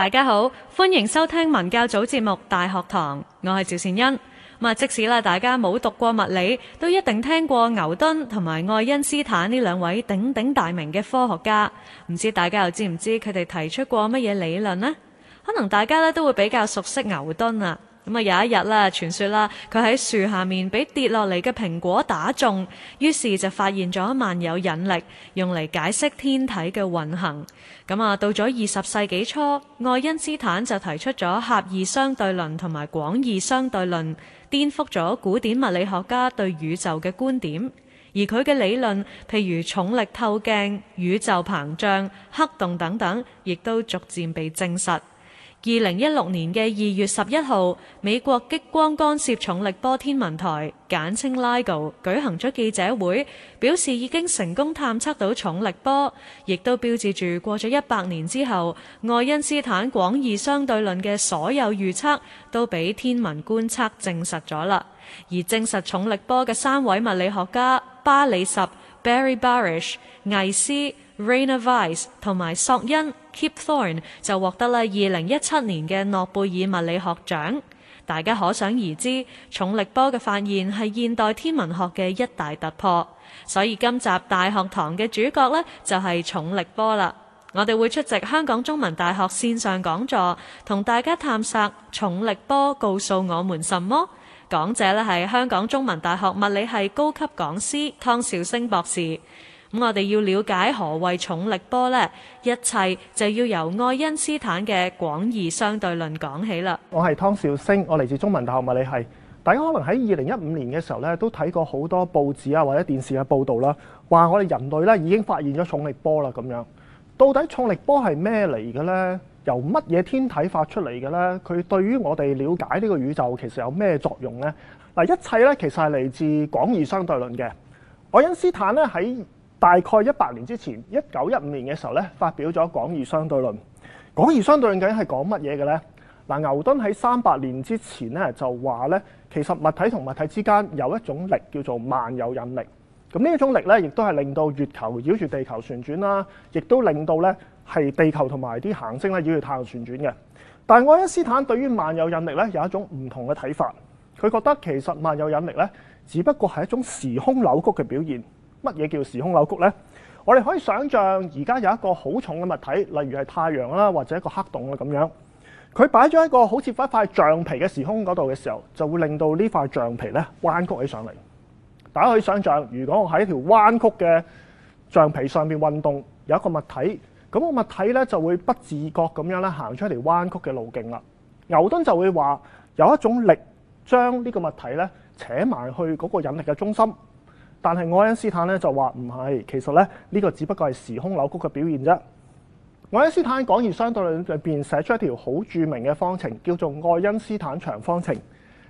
大家好，歡迎收聽文教組節目《大學堂》，我係趙善恩。咁啊，即使啦，大家冇讀過物理，都一定聽過牛頓同埋愛因斯坦呢兩位鼎鼎大名嘅科學家。唔知大家又知唔知佢哋提出過乜嘢理論呢？可能大家呢都會比較熟悉牛頓啦。咁啊，有一日啦，傳說啦，佢喺樹下面俾跌落嚟嘅蘋果打中，於是就發現咗萬有引力，用嚟解釋天體嘅運行。咁啊，到咗二十世紀初，愛因斯坦就提出咗狹義相對論同埋廣義相對論，顛覆咗古典物理學家對宇宙嘅觀點。而佢嘅理論，譬如重力透鏡、宇宙膨脹、黑洞等等，亦都逐漸被證實。二零一六年嘅二月十一號，美國激光干涉重力波天文台（簡稱 LIGO） 舉行咗記者會，表示已經成功探測到重力波，亦都標誌住過咗一百年之後，愛因斯坦廣義相對論嘅所有預測都俾天文觀測證實咗啦。而證實重力波嘅三位物理學家巴里什 （Barry Barish）、魏斯 Rainer Weiss 同埋索恩 Kip Thorne 就獲得咧二零一七年嘅諾貝爾物理學獎。大家可想而知，重力波嘅發現係現代天文學嘅一大突破。所以今集大學堂嘅主角呢，就係重力波啦。我哋會出席香港中文大學線上講座，同大家探索重力波告訴我們什麼。講者呢，係香港中文大學物理系高級講師湯兆星博士。咁我哋要了解何為重力波呢？一切就要由愛因斯坦嘅廣義相對論講起啦。我係湯兆星，我嚟自中文大學物理系。大家可能喺二零一五年嘅時候咧，都睇過好多報紙啊或者電視嘅報道啦，話我哋人類咧已經發現咗重力波啦。咁樣到底重力波係咩嚟嘅呢？由乜嘢天體發出嚟嘅呢？佢對於我哋了解呢個宇宙其實有咩作用呢？嗱，一切咧其實係嚟自廣義相對論嘅，愛因斯坦咧喺。大概一百年之前，一九一五年嘅時候咧，發表咗廣義相對論。廣義相對論究竟係講乜嘢嘅咧？嗱，牛頓喺三百年之前咧就話咧，其實物體同物體之間有一種力叫做萬有引力。咁呢一種力咧，亦都係令到月球繞住地球旋轉啦，亦都令到咧係地球同埋啲行星咧繞住太陽旋轉嘅。但愛因斯坦對於萬有引力咧有一種唔同嘅睇法，佢覺得其實萬有引力咧，只不過係一種時空扭曲嘅表現。乜嘢叫時空扭曲呢？我哋可以想像，而家有一個好重嘅物體，例如係太陽啦，或者一個黑洞啦咁樣。佢擺咗喺一個好似一塊橡皮嘅時空嗰度嘅時候，就會令到呢塊橡皮咧彎曲起上嚟。大家可以想像，如果我喺一條彎曲嘅橡皮上面運動有一個物體，咁個物體咧就會不自覺咁樣咧行出嚟彎曲嘅路徑啦。牛頓就會話有一種力將呢個物體咧扯埋去嗰個引力嘅中心。但係愛因斯坦咧就話唔係，其實咧呢個只不過係時空扭曲嘅表現啫。愛因斯坦喺廣義相對論入邊寫出一條好著名嘅方程，叫做愛因斯坦場方程。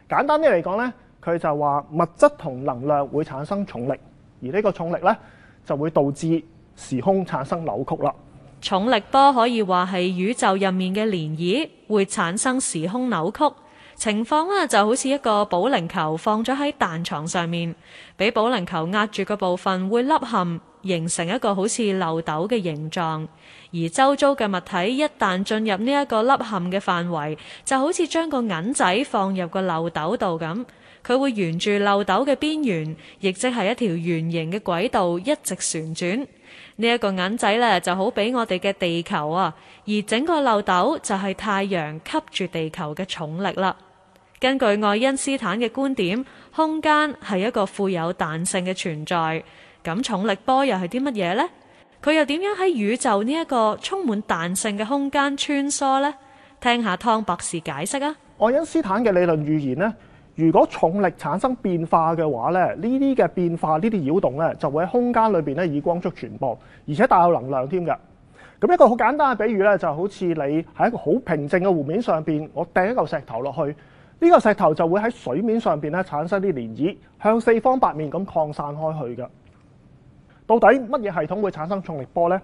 簡單啲嚟講呢佢就話物質同能量會產生重力，而呢個重力呢就會導致時空產生扭曲啦。重力波可以話係宇宙入面嘅漣漪，會產生時空扭曲。情況就好似一個保齡球放咗喺彈床上面，俾保齡球壓住個部分會凹陷，形成一個好似漏斗嘅形狀。而周遭嘅物體一旦進入呢一個凹陷嘅範圍，就好似將個銀仔放入個漏斗度咁，佢會沿住漏斗嘅邊緣，亦即係一條圓形嘅軌道一直旋轉。呢一個銀仔呢就好比我哋嘅地球啊，而整個漏斗就係太陽吸住地球嘅重力啦。根據愛因斯坦嘅觀點，空間係一個富有彈性嘅存在。咁重力波又係啲乜嘢呢？佢又點樣喺宇宙呢一個充滿彈性嘅空間穿梭呢？聽下湯博士解釋啊。愛因斯坦嘅理論預言呢，如果重力產生變化嘅話咧，呢啲嘅變化呢啲擾動咧，就會喺空間裏邊咧以光速傳播，而且帶有能量添㗎。咁一個好簡單嘅比喻咧，就好似你喺一個好平靜嘅湖面上邊，我掟一嚿石頭落去。呢個石頭就會喺水面上邊咧產生啲漣漪，向四方八面咁擴散開去嘅。到底乜嘢系統會產生重力波呢？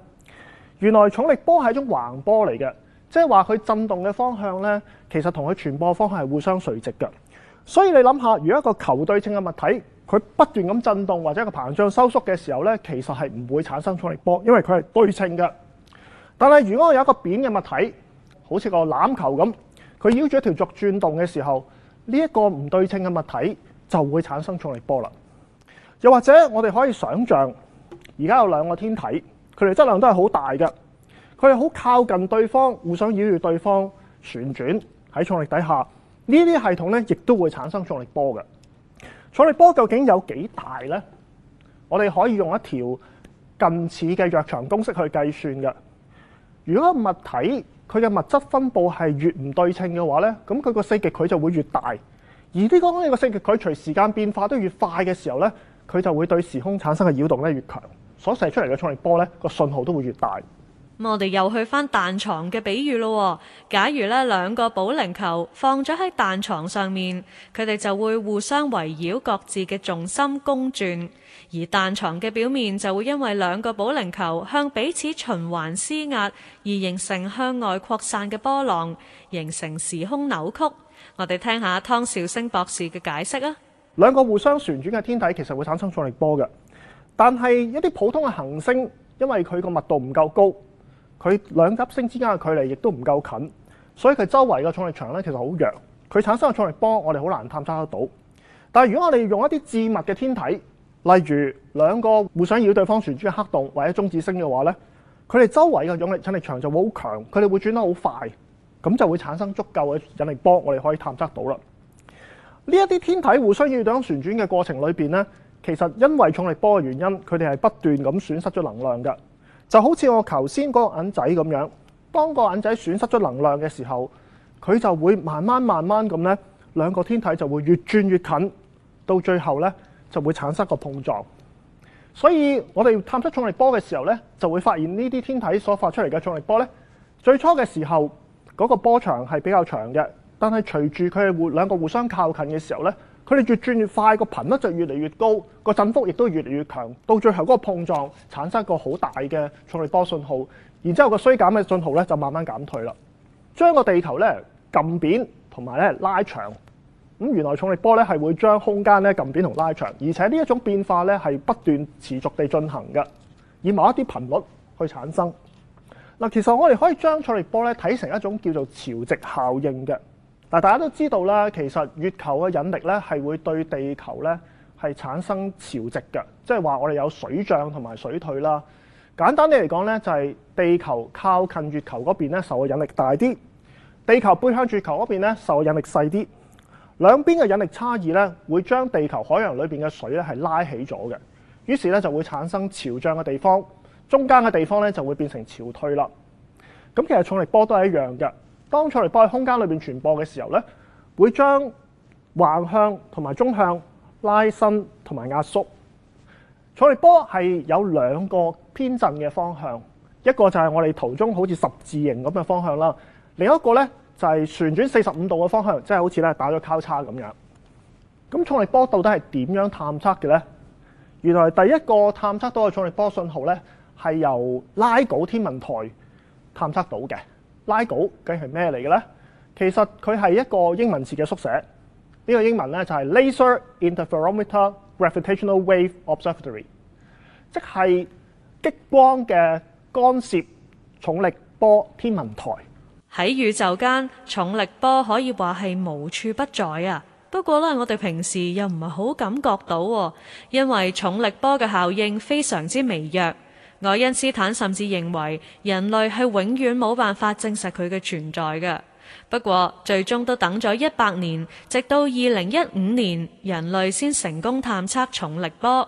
原來重力波係一種橫波嚟嘅，即係話佢震動嘅方向呢，其實同佢傳播方向係互相垂直嘅。所以你諗下，如果一個球對稱嘅物體，佢不斷咁震動或者一個膨脹收縮嘅時候呢，其實係唔會產生重力波，因為佢係對稱嘅。但係如果我有一個扁嘅物體，好似個欖球咁。佢繞住一條軸轉動嘅時候，呢、這、一個唔對稱嘅物體就會產生重力波啦。又或者我哋可以想像，而家有兩個天體，佢哋質量都係好大嘅，佢哋好靠近對方，互相繞住對方旋轉喺重力底下，呢啲系統咧亦都會產生重力波嘅。重力波究竟有幾大呢？我哋可以用一條近似嘅弱場公式去計算嘅。如果物體，佢嘅物質分佈係越唔對稱嘅話咧，咁佢個四極矩就會越大。而呢個呢個四極矩隨時間變化都越快嘅時候咧，佢就會對時空產生嘅擾動咧越強，所射出嚟嘅重力波咧個信號都會越大。咁我哋又去翻彈床嘅比喻咯。假如呢兩個保齡球放咗喺彈床上面，佢哋就會互相圍繞各自嘅重心公轉，而彈床嘅表面就會因為兩個保齡球向彼此循環施壓，而形成向外擴散嘅波浪，形成時空扭曲。我哋聽下湯兆星博士嘅解釋啊。兩個互相旋轉嘅天體其實會產生重力波嘅，但係一啲普通嘅行星，因為佢個密度唔夠高。佢兩粒星之間嘅距離亦都唔夠近，所以佢周圍嘅重力場咧其實好弱，佢產生嘅重力波我哋好難探測得到。但係如果我哋用一啲緻密嘅天體，例如兩個互相繞對方旋轉黑洞或者中子星嘅話咧，佢哋周圍嘅重力引力場就會好強，佢哋會轉得好快，咁就會產生足夠嘅引力波，我哋可以探測到啦。呢一啲天體互相繞對方旋轉嘅過程裏邊咧，其實因為重力波嘅原因，佢哋係不斷咁損失咗能量㗎。就好似我頭先嗰個銀仔咁樣，當個銀仔損失咗能量嘅時候，佢就會慢慢慢慢咁呢，兩個天體就會越轉越近，到最後呢就會產生個碰撞。所以我哋探測重力波嘅時候呢，就會發現呢啲天體所發出嚟嘅重力波呢，最初嘅時候嗰個波長係比較長嘅，但係隨住佢哋兩個互相靠近嘅時候呢。佢哋越轉越快，個頻率就越嚟越高，個振幅亦都越嚟越強。到最後嗰個碰撞產生一個好大嘅重力波信號，然之後個衰減嘅信號咧就慢慢減退啦。將個地球咧撳扁同埋咧拉長。咁原來重力波咧係會將空間咧撳扁同拉長，而且呢一種變化咧係不斷持續地進行嘅，以某一啲頻率去產生。嗱，其實我哋可以將重力波咧睇成一種叫做潮汐效應嘅。嗱，大家都知道啦，其實月球嘅引力咧係會對地球咧係產生潮汐嘅，即係話我哋有水漲同埋水退啦。簡單啲嚟講咧，就係地球靠近月球嗰邊咧受嘅引力大啲，地球背向月球嗰邊咧受嘅引力細啲。兩邊嘅引力差異咧會將地球海洋裏邊嘅水咧係拉起咗嘅，於是咧就會產生潮漲嘅地方，中間嘅地方咧就會變成潮退啦。咁其實重力波都係一樣嘅。當重力波喺空間裏邊傳播嘅時候咧，會將橫向同埋縱向拉伸同埋壓縮。重力波係有兩個偏振嘅方向，一個就係我哋途中好似十字形咁嘅方向啦，另一個咧就係旋轉四十五度嘅方向，即係好似咧打咗交叉咁樣。咁重力波到底係點樣探測嘅咧？原來第一個探測到嘅重力波信號咧係由拉稿天文台探測到嘅。拉稿究竟係咩嚟嘅咧？其實佢係一個英文字嘅縮寫。呢、這個英文咧就係 Laser Interferometer Gravitational Wave Observatory，即係激光嘅干涉重力波天文台。喺宇宙間，重力波可以話係無處不在啊。不過咧，我哋平時又唔係好感覺到，因為重力波嘅效應非常之微弱。愛因斯坦甚至認為人類係永遠冇辦法證實佢嘅存在嘅。不過最終都等咗一百年，直到二零一五年人類先成功探測重力波。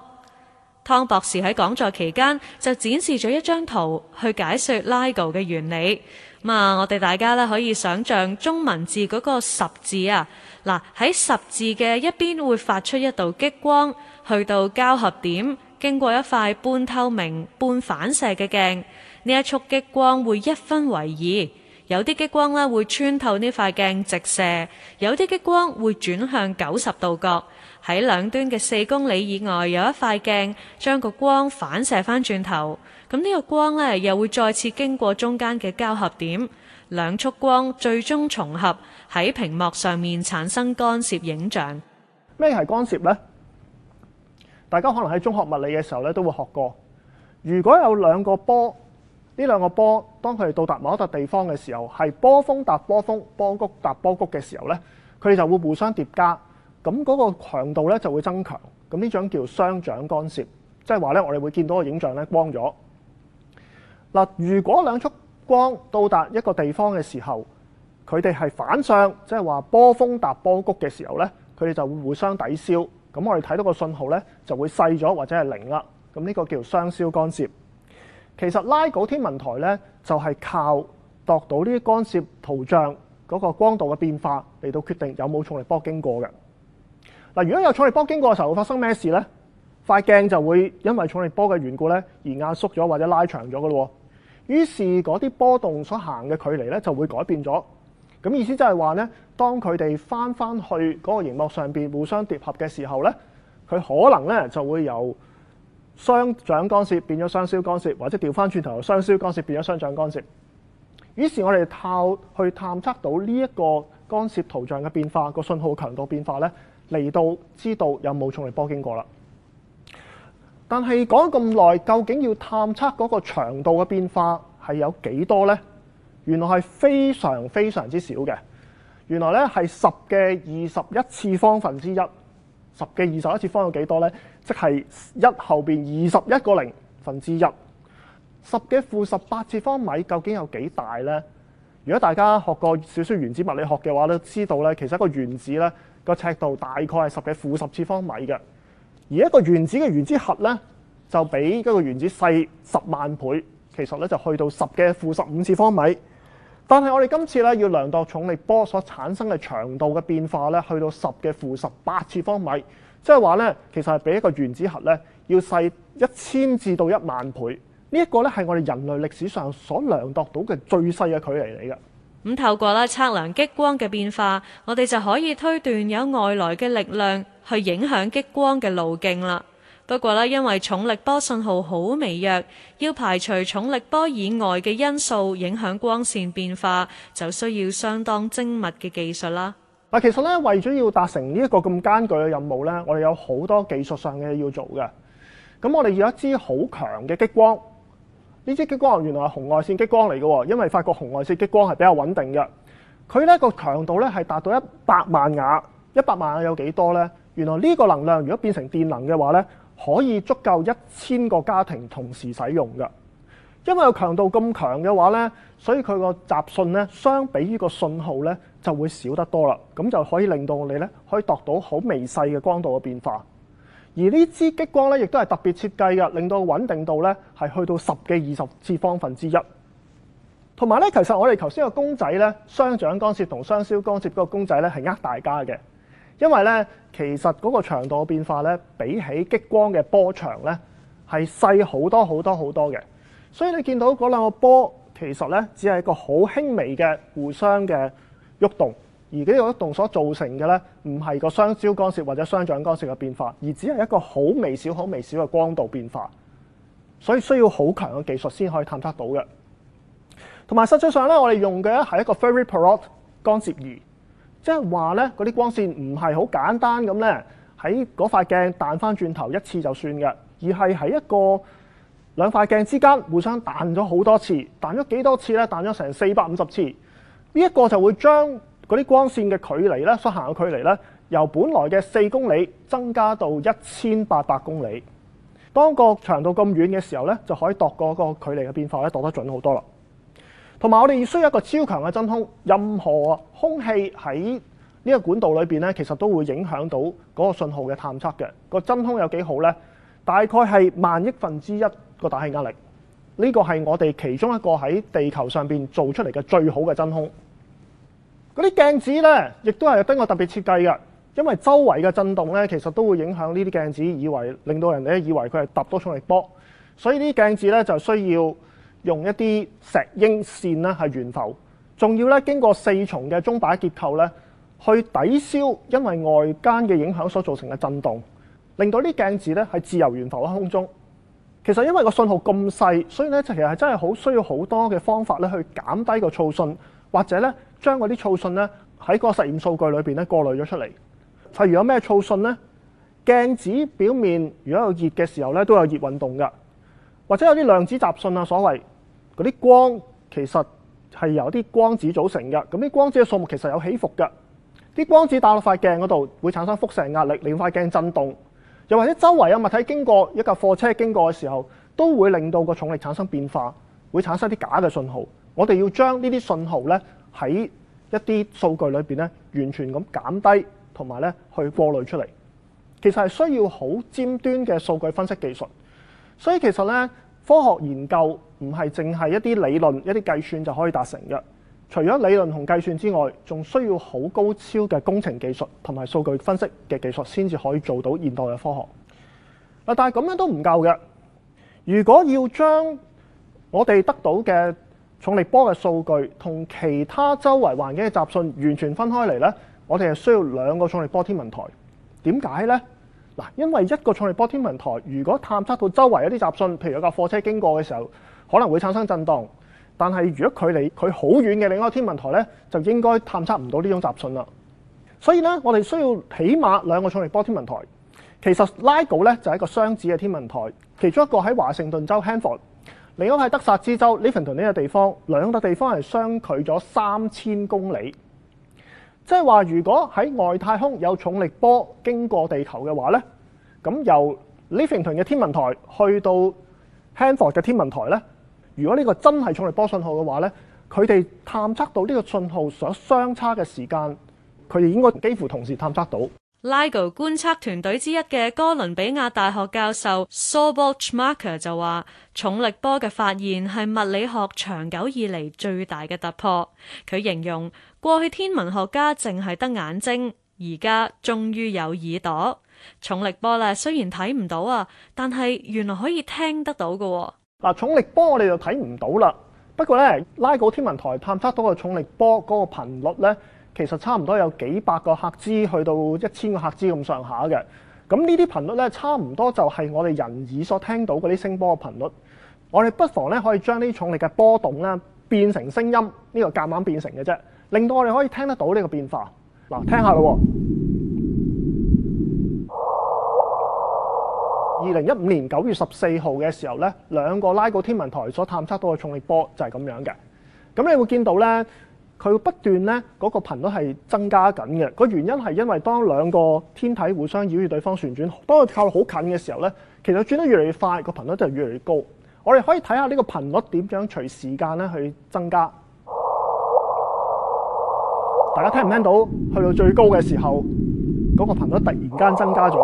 湯博士喺講座期間就展示咗一張圖去解說 LIGO 嘅原理。咁啊，我哋大家呢可以想像中文字嗰個十字啊，嗱，喺十字嘅一邊會發出一道激光去到交合點。經過一塊半透明半反射嘅鏡，呢一束激光會一分為二，有啲激光呢會穿透呢塊鏡直射，有啲激光會轉向九十度角。喺兩端嘅四公里以外有一塊鏡，將個光反射翻轉頭。咁、這、呢個光呢，又會再次經過中間嘅交合點，兩束光最終重合喺屏幕上面產生干涉影像。咩係干涉呢？大家可能喺中學物理嘅時候咧都會學過，如果有兩個波，呢兩個波當佢哋到達某一笪地方嘅時候，係波峰搭波峰，波谷搭波谷嘅時候呢，佢哋就會互相疊加，咁嗰個強度呢，就會增強，咁呢種叫相長干涉，即係話呢，我哋會見到個影像呢光咗。嗱，如果兩束光到達一個地方嘅時候，佢哋係反向，即係話波峰搭波谷嘅時候呢，佢哋就會互相抵消。咁我哋睇到個信號呢，就會細咗或者係零啦。咁呢個叫雙消干涉。其實拉古天文台呢，就係靠度到呢啲干涉圖像嗰個光度嘅變化嚟到決定有冇重力波經過嘅。嗱，如果有重力波經過嘅時候，會發生咩事呢？塊鏡就會因為重力波嘅緣故呢，而壓縮咗或者拉長咗嘅咯。於是嗰啲波動所行嘅距離呢，就會改變咗。咁意思就係話咧，當佢哋翻翻去嗰個熒幕上面互相疊合嘅時候咧，佢可能咧就會由相長干涉變咗相消干涉，或者調翻轉頭相消干涉變咗相長干涉。於是，我哋靠去探測到呢一個干涉圖像嘅變化，個信號強度變化咧，嚟到知道有冇重力波經過啦。但係講咁耐，究竟要探測嗰個長度嘅變化係有幾多咧？原來係非常非常之少嘅，原來呢係十嘅二十一次方分之一，十嘅二十一次方有幾多呢？即係一後邊二十一個零分之一，十嘅負十八次方米究竟有幾大呢？如果大家學過少少原子物理學嘅話咧，都知道呢其實一個原子呢個尺度大概係十嘅負十次方米嘅，而一個原子嘅原子核呢，就比一個原子細十萬倍，其實呢，就去到十嘅負十五次方米。但係我哋今次咧要量度重力波所產生嘅長度嘅變化咧，去到十嘅負十八次方米，即係話咧，其實係比一個原子核咧要細一千至到一萬倍。呢一個咧係我哋人類歷史上所量度到嘅最細嘅距離嚟嘅。咁透過啦測量激光嘅變化，我哋就可以推斷有外來嘅力量去影響激光嘅路徑啦。不過咧，因為重力波信號好微弱，要排除重力波以外嘅因素影響光線變化，就需要相當精密嘅技術啦。嗱，其實咧，為咗要達成呢一個咁艱鉅嘅任務咧，我哋有好多技術上嘅嘢要做嘅。咁我哋要一支好強嘅激光，呢支激光原來係紅外線激光嚟喎，因為發覺紅外線激光係比較穩定嘅。佢呢個強度咧係達到一百萬瓦，一百萬瓦有幾多呢？原來呢個能量如果變成電能嘅話咧。可以足夠一千個家庭同時使用嘅，因為強度咁強嘅話呢，所以佢個雜訊呢，相比於個信號呢，就會少得多啦。咁就可以令到你呢，可以度到好微細嘅光度嘅變化。而呢支激光呢，亦都係特別設計嘅，令到穩定度呢，係去到十幾二十次方分之一。同埋呢，其實我哋頭先個公仔呢，雙長干涉同雙消干涉嗰個公仔呢，係呃大家嘅。因為咧，其實嗰個長度嘅變化咧，比起激光嘅波長咧，係細好多好多好多嘅。所以你見到嗰兩個波，其實咧只係一個好輕微嘅互相嘅喐動，動，而呢個喐動所造成嘅咧，唔係個雙焦干涉或者雙掌干涉嘅變化，而只係一個好微小、好微小嘅光度變化。所以需要好強嘅技術先可以探測到嘅。同埋實際上咧，我哋用嘅係一個 Fabry-Pérot 干涉儀。即係話呢，嗰啲光線唔係好簡單咁呢，喺嗰塊鏡彈翻轉頭一次就算嘅，而係喺一個兩塊鏡之間互相彈咗好多次，彈咗幾多次呢？彈咗成四百五十次，呢一個就會將嗰啲光線嘅距離呢，所行嘅距離呢，由本來嘅四公里增加到一千八百公里。當個長度咁遠嘅時候呢，就可以度個個距離嘅變化呢，度得準好多啦。同埋我哋需要一個超強嘅真空，任何空氣喺呢個管道裏邊咧，其實都會影響到嗰個信號嘅探測嘅。個真空有幾好咧？大概係萬億分之一個大氣壓力。呢個係我哋其中一個喺地球上邊做出嚟嘅最好嘅真空。嗰啲鏡子咧，亦都係得我特別設計嘅，因為周圍嘅震動咧，其實都會影響呢啲鏡子，以為令到人哋以為佢係揼多重力波，所以呢啲鏡子咧就需要。用一啲石英線咧係懸浮，仲要咧經過四重嘅鐘擺結構咧，去抵消因為外間嘅影響所造成嘅震動，令到啲鏡子咧係自由懸浮喺空中。其實因為個信號咁細，所以咧其實係真係好需要好多嘅方法咧去減低個噪訊，或者咧將嗰啲噪訊咧喺個實驗數據裏面咧過濾咗出嚟。例如有咩噪訊呢？鏡子表面如果有熱嘅時候咧，都有熱運動㗎，或者有啲量子雜訊啊所謂。嗰啲光其實係由啲光子組成嘅，咁啲光子嘅數目其實有起伏嘅。啲光子打落塊鏡嗰度，會產生輻射壓力，令塊鏡震動。又或者周圍有物體經過，一架貨車經過嘅時候，都會令到個重力產生變化，會產生啲假嘅信號。我哋要將呢啲信號呢喺一啲數據裏邊呢完全咁減低，同埋呢去過濾出嚟。其實係需要好尖端嘅數據分析技術。所以其實呢。科學研究唔係淨係一啲理論一啲計算就可以達成嘅。除咗理論同計算之外，仲需要好高超嘅工程技術同埋數據分析嘅技術先至可以做到現代嘅科學。但係咁樣都唔夠嘅。如果要將我哋得到嘅重力波嘅數據同其他周圍環境嘅雜訊完全分開嚟咧，我哋係需要兩個重力波天文台。點解咧？嗱，因為一個重力波天文台如果探測到周圍有啲雜訊，譬如有架貨車經過嘅時候，可能會產生震動。但係如果距離佢好遠嘅另一個天文台呢，就應該探測唔到呢種雜訊啦。所以呢，我哋需要起碼兩個重力波天文台。其實 LIGO 咧就係一個雙子嘅天文台，其中一個喺華盛頓州 Hanford，另一個喺德薩斯州 Livingston 呢個地方，兩笪地方係相距咗三千公里。即係話，如果喺外太空有重力波經過地球嘅話呢，咁由 Livington 嘅天文台去到 Hanford 嘅天文台呢，如果呢個真係重力波信號嘅話呢，佢哋探測到呢個信號所相差嘅時間，佢哋應該幾乎同時探測到。LIGO 觀測團隊之一嘅哥倫比亞大學教授 Sobachmarker 就話：重力波嘅發現係物理學長久以嚟最大嘅突破。佢形容過去天文學家淨係得眼睛，而家終於有耳朵。重力波咧，雖然睇唔到啊，但係原來可以聽得到嘅。嗱，重力波我哋就睇唔到啦。不過咧，LIGO 天文台探測到嘅重力波嗰個頻率咧。其實差唔多有幾百個赫茲去到一千個赫茲咁上下嘅，咁呢啲頻率呢，差唔多就係我哋人耳所聽到嗰啲聲波嘅頻率。我哋不妨呢，可以將呢啲重力嘅波動呢變成聲音，呢、這個夾硬變成嘅啫，令到我哋可以聽得到呢個變化。嗱，聽下咯。二零一五年九月十四號嘅時候呢，兩個拉古天文台所探測到嘅重力波就係咁樣嘅。咁你會見到呢。佢不斷呢個頻率係增加緊嘅，個原因係因為當兩個天體互相繞住對方旋轉，當佢靠得好近嘅時候呢，其實轉得越嚟越快，個頻率就越嚟越高。我哋可以睇下呢個頻率點樣隨時間咧去增加。大家聽唔聽到？去到最高嘅時候，嗰個頻率突然間增加咗，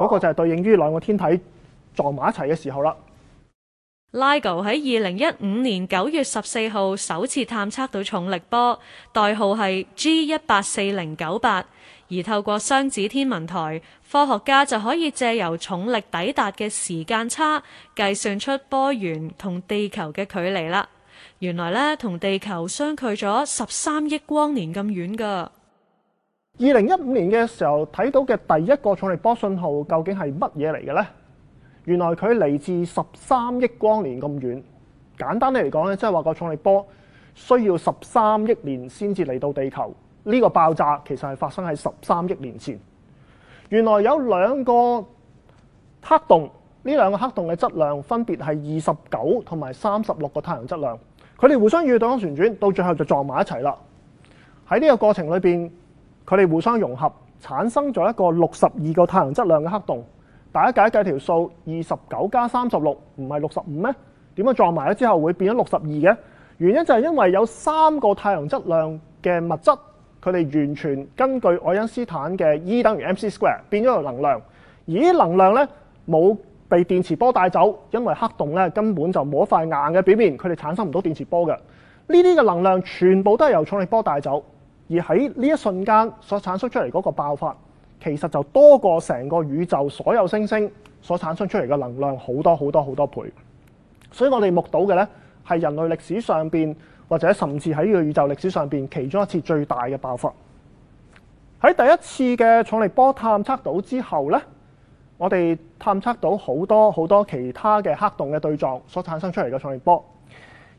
嗰個就係對應於兩個天體撞埋一齊嘅時候啦。LIGO 喺二零一五年九月十四號首次探測到重力波，代號係 G 一八四零九八，而透過雙子天文台，科學家就可以借由重力抵達嘅時間差，計算出波源同地球嘅距離啦。原來咧，同地球相距咗十三億光年咁遠噶。二零一五年嘅時候睇到嘅第一個重力波信號，究竟係乜嘢嚟嘅呢？原來佢嚟自十三億光年咁遠，簡單啲嚟講咧，即係話個重力波需要十三億年先至嚟到地球。呢個爆炸其實係發生喺十三億年前。原來有兩個黑洞，呢兩個黑洞嘅質量分別係二十九同埋三十六個太陽質量。佢哋互相遇到咁旋轉，到最後就撞埋一齊啦。喺呢個過程裏邊，佢哋互相融合，產生咗一個六十二個太陽質量嘅黑洞。大家計一計條數，二十九加三十六唔係六十五咩？點解撞埋咗之後會變咗六十二嘅？原因就係因為有三個太陽質量嘅物質，佢哋完全根據愛因斯坦嘅 E 等於 MC square 變咗個能量，而啲能量呢，冇被電磁波帶走，因為黑洞呢根本就冇一塊硬嘅表面，佢哋產生唔到電磁波嘅。呢啲嘅能量全部都係由重力波帶走，而喺呢一瞬間所產生出嚟嗰個爆發。其實就多過成個宇宙所有星星所產生出嚟嘅能量好多好多好多倍，所以我哋目睹嘅呢，係人類歷史上面，或者甚至喺呢個宇宙歷史上面其中一次最大嘅爆發。喺第一次嘅重力波探測到之後呢，我哋探測到好多好多其他嘅黑洞嘅對撞所產生出嚟嘅重力波。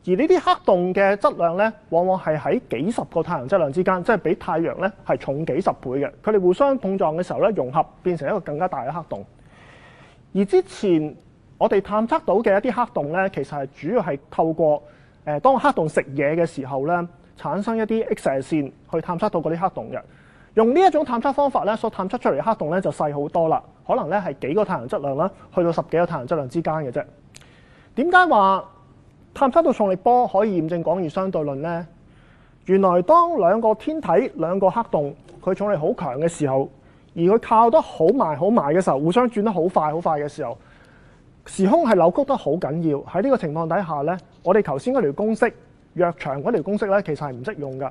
而呢啲黑洞嘅質量呢，往往係喺幾十個太陽質量之間，即係比太陽呢係重幾十倍嘅。佢哋互相碰撞嘅時候呢，融合變成一個更加大嘅黑洞。而之前我哋探測到嘅一啲黑洞呢，其實係主要係透過誒當黑洞食嘢嘅時候呢，產生一啲 X 射線去探測到嗰啲黑洞嘅。用呢一種探測方法呢，所探測出嚟嘅黑洞呢就細好多啦，可能呢係幾個太陽質量啦，去到十幾個太陽質量之間嘅啫。點解話？探測到重力波可以驗證廣義相對論呢，原來當兩個天體、兩個黑洞佢重力好強嘅時候，而佢靠得好埋好埋嘅時候，互相轉得好快、好快嘅時候，時空係扭曲得好緊要。喺呢個情況底下呢，我哋頭先嗰條公式，弱場嗰條公式呢，其實係唔識用㗎。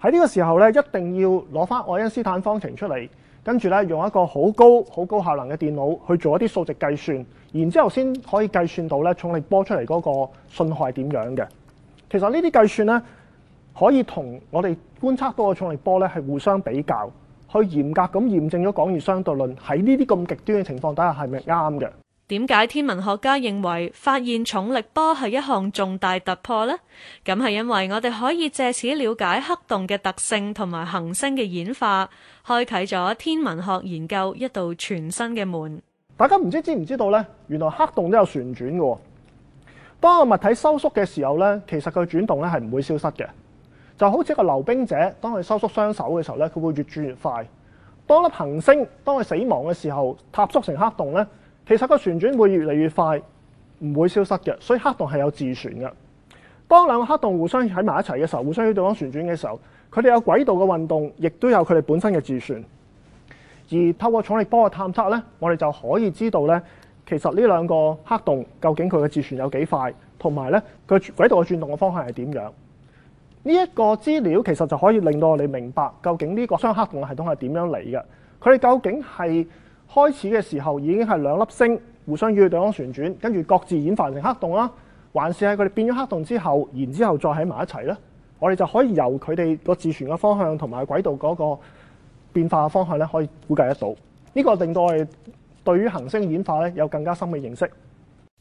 喺呢個時候呢，一定要攞返愛因斯坦方程出嚟。跟住咧，用一個好高、好高效能嘅電腦去做一啲數值計算，然之後先可以計算到咧重力波出嚟嗰個信號係點樣嘅。其實呢啲計算咧，可以同我哋觀察到嘅重力波咧係互相比較，去嚴格咁驗證咗廣義相對論喺呢啲咁極端嘅情況底下係咪啱嘅。點解天文學家認為發現重力波係一項重大突破呢？咁係因為我哋可以借此了解黑洞嘅特性，同埋恒星嘅演化，開啟咗天文學研究一道全新嘅門。大家唔知知唔知道呢，原來黑洞都有旋轉嘅。當個物體收縮嘅時候呢，其實佢轉動呢係唔會消失嘅，就好似一個溜冰者當佢收縮雙手嘅時候呢，佢會越轉越快。當粒恒星當佢死亡嘅時候，塌縮成黑洞呢。其實個旋轉會越嚟越快，唔會消失嘅，所以黑洞係有自旋嘅。當兩個黑洞互相喺埋一齊嘅時候，互相喺對方旋轉嘅時候，佢哋有軌道嘅運動，亦都有佢哋本身嘅自旋。而透過重力波嘅探測呢，我哋就可以知道呢，其實呢兩個黑洞究竟佢嘅自旋有幾快，同埋呢，佢軌道嘅轉動嘅方向係點樣？呢一個資料其實就可以令到我哋明白究竟呢個雙黑洞嘅系統係點樣嚟嘅。佢哋究竟係？開始嘅時候已經係兩粒星互相與對方旋轉，跟住各自演化成黑洞啦。還是喺佢哋變咗黑洞之後，然之後再喺埋一齊呢？我哋就可以由佢哋個自旋嘅方向同埋軌道嗰個變化嘅方向咧，可以估計得到。呢個令到我哋對於行星演化咧有更加深嘅認識。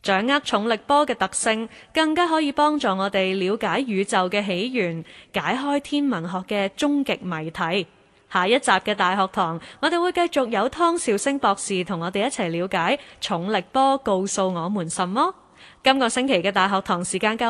掌握重力波嘅特性，更加可以幫助我哋了解宇宙嘅起源，解開天文學嘅終極謎題。下一集嘅大學堂，我哋會繼續有湯兆昇博士同我哋一齊了解重力波告訴我們什麼，今個星期嘅大學堂時間夠啦。